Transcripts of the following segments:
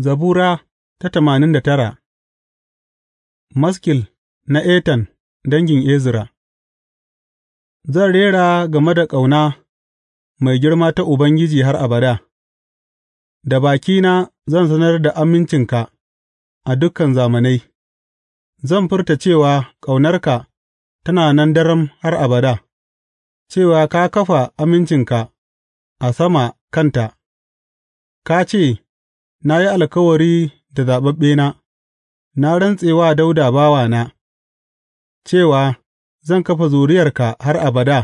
Zabura ta tamanin da tara Maskil na Etan dangin Ezra Zan rera game da ƙauna mai girma ta Ubangiji har abada, da bakina zan sanar da amincinka a dukan zamanai, zan furta cewa ƙaunarka tana nan daram har abada, cewa ka kafa amincinka a sama kanta, ka ce, Na yi alkawari da zaɓaɓɓena, na rantse wa Dawuda bawana, cewa zan kafa zuriyarka har abada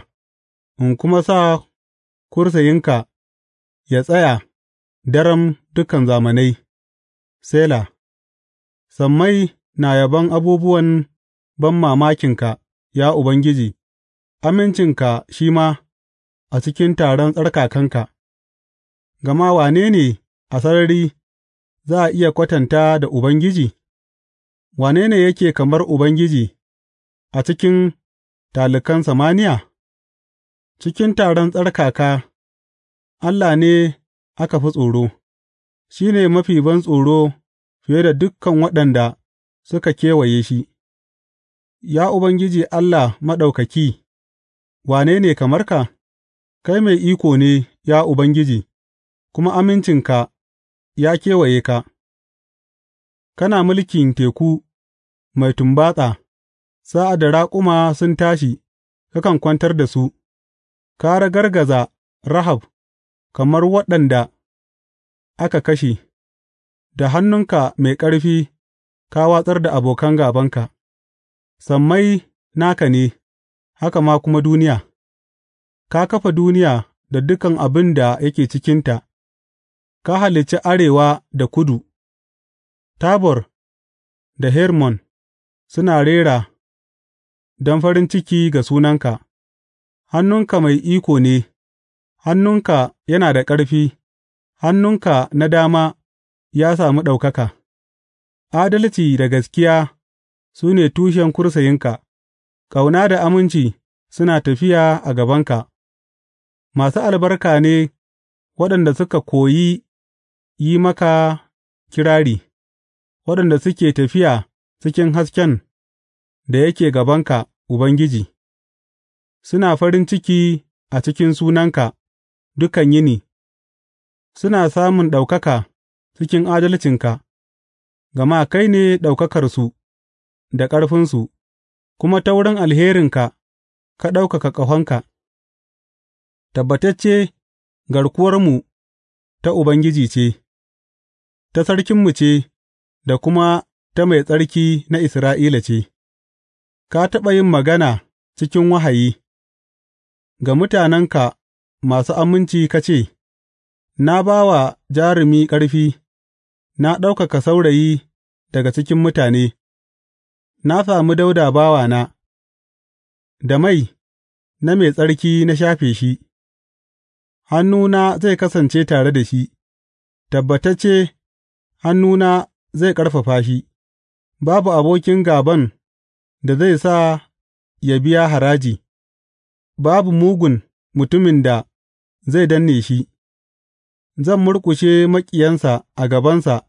in kuma sa kursayinka ya tsaya daram dukan zamanai. Sela Sammai na yabon abubuwan banmamakinka, ya Ubangiji, amincinka shi ma a cikin taron tsarkakanka, gama wane ne a sarari. za a iya kwatanta da Ubangiji? Wane ne yake kamar Ubangiji a cikin talikan samaniya? Cikin taron tsarkaka, Allah ne aka fi tsoro, shi ne mafi ban tsoro fiye da dukan waɗanda suka kewaye shi. Ya Ubangiji Allah Maɗaukaki, wane ne kamar ka? Kai mai iko ne, ya Ubangiji, kuma amincinka. ya kewaye ka, kana mulkin teku mai tumbatsa, sa'ad da raƙuma sun tashi, kakan kwantar da su, ka ragargaza Rahab kamar waɗanda aka kashe, da hannunka mai ƙarfi ka watsar da abokan gābanka, sammai naka ne, haka ma kuma duniya, ka kafa duniya da dukan abin da yake cikinta. Ka halicci arewa da kudu; Tabor da Hermon suna rera don farin ciki ga sunanka, hannunka mai iko ne, hannunka yana da ƙarfi, hannunka na dama ya sami ɗaukaka; adalci da gaskiya su ne tushen kursayinka. ƙauna da aminci suna tafiya a gabanka, masu albarka ne waɗanda suka koyi. yi maka kirari, waɗanda suke tafiya cikin hasken da yake gabanka, Ubangiji, suna farin ciki a cikin sunanka dukan yini, suna samun ɗaukaka cikin adalcinka, gama kai ne ɗaukakarsu da ƙarfinsu, kuma ta wurin alherinka ka ɗaukaka ƙahonka. Tabbatacce garkuwarmu ta Ubangiji ce. ta sarkinmu ce da kuma ta mai tsarki na Isra'ila ce, ka taɓa yin magana cikin wahayi, ga mutanenka masu aminci ka ce, Na ba wa jarumi ƙarfi, na ɗaukaka saurayi daga cikin mutane, na sami dauda bawana, da mai na mai tsarki na shafe shi, hannuna zai kasance tare da shi, tabbatacce hannuna zai ƙarfafa shi; babu abokin gāban da zai sa ya biya haraji, babu mugun mutumin da zai danne shi; zan murƙushe maƙiyansa a gabansa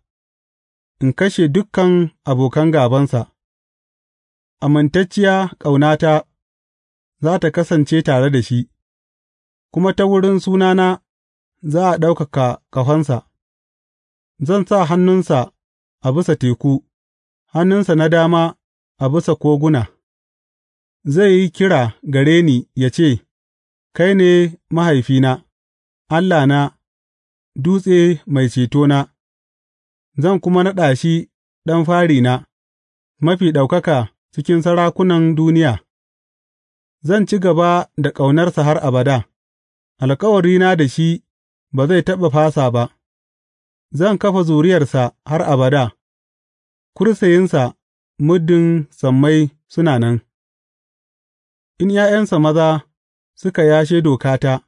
in kashe dukan abokan gābansa, amintacciya ƙaunata za ta kasance tare da shi, kuma ta wurin sunana za a ɗaukaka ƙahonsa. Zan sa hannunsa a bisa teku, hannunsa na dama a bisa koguna; zai yi kira gare ni ya ce, Kai ne mahaifina, Allahna, Dutse mai cetona, zan kuma naɗa shi ɗan farina, mafi ɗaukaka cikin sarakunan duniya; zan ci gaba da ƙaunarsa har abada, alkawarina da shi ba zai taɓa fasa ba. Zan kafa zuriyarsa har abada, kursiyinsa muddin sammai suna nan, in ’ya'yansa maza suka yashe dokata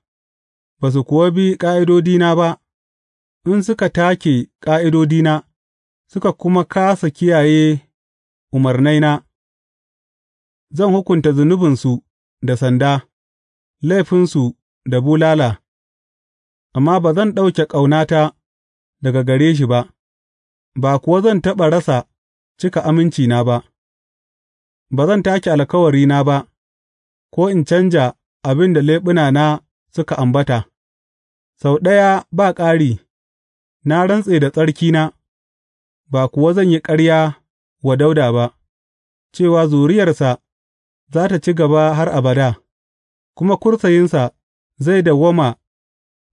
ba su kuwa bi ƙa'idodina ba, in suka take ƙa'idodina suka kuma kāsa kiyaye umarnaina, zan hukunta zunubinsu da sanda, laifinsu da bulala, amma ba zan ɗauke ƙaunata. daga gare shi ba, ba kuwa zan taɓa rasa cika amincina ba, ba zan take alkawarina ba, ko in canja abin da leɓunana suka ambata, sau ɗaya ba ƙari, na rantse da tsarkina, ba kuwa zan yi ƙarya wa Dauda ba, cewa zuriyarsa za ta ci gaba har abada, kuma kursayinsa zai dawwama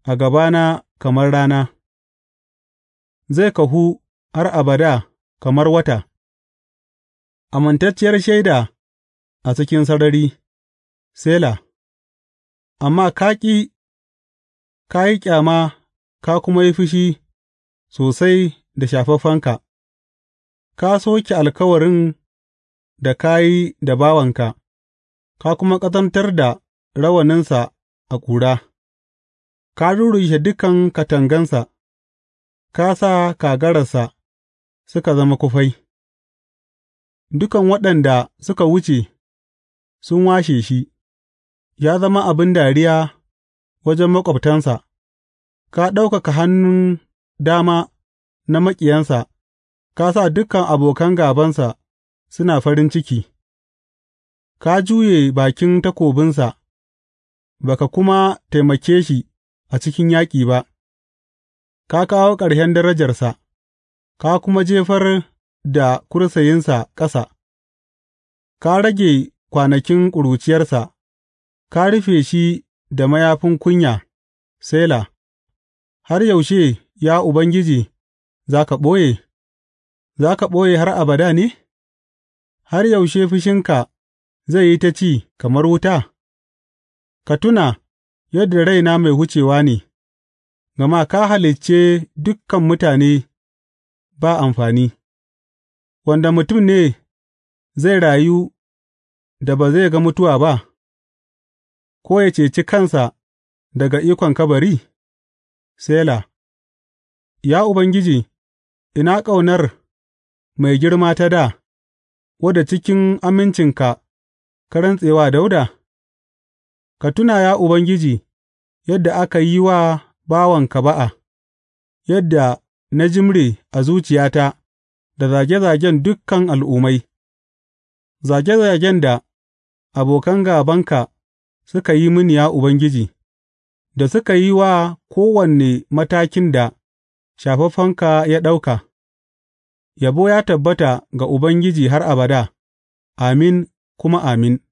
a gabana kamar rana. zai kahu har abada kamar wata, amintacciyar shaida a cikin sarari, Sela, amma ka ƙi, ka yi ƙyama ka kuma yi fushi sosai da shafaffanka. ka soke alkawarin da ka yi da bawanka, ka kuma ƙazantar da rawaninsa a ƙura, ka rurrushe dukan katangansa. ka sa kagararsa suka zama kufai; dukan waɗanda suka wuce sun washe shi, ya zama abin dariya wajen maƙwabtansa, ka ɗaukaka hannun dama na maƙiyansa, ka sa dukan abokan gābansa suna farin ciki; ka juye bakin takobinsa ba ka kuma taimake shi a cikin yaƙi ba. ka kawo ƙarshen darajarsa, ka kuma jefar da kursiyinsa ƙasa, ka rage kwanakin ƙuruciyarsa, ka rufe shi da mayafin kunya, Sela, har yaushe, ya Ubangiji, za ka ɓoye, za ka ɓoye har abada ne? Har yaushe fushinka zai yi ta ci kamar wuta? Ka tuna yadda raina mai wucewa ne. gama ka halicce dukan mutane ba amfani, wanda mutum ne zai rayu da ba zai ga mutuwa ba, ko ya ceci kansa daga ikon kabari? Sela Ya Ubangiji, ina ƙaunar mai girma ta da wadda cikin amincinka ka rantsewa dauda? Ka tuna, ya Ubangiji, yadda aka yi wa bawanka ba'a, yadda na jimre a zuciyata da zage zagen dukan al'ummai, zage zagen da abokan gābanka suka yi mini, ya Ubangiji, da suka yi wa kowane matakin da shafaffenka ya ɗauka. Yabo ya tabbata ga Ubangiji har abada, Amin kuma Amin.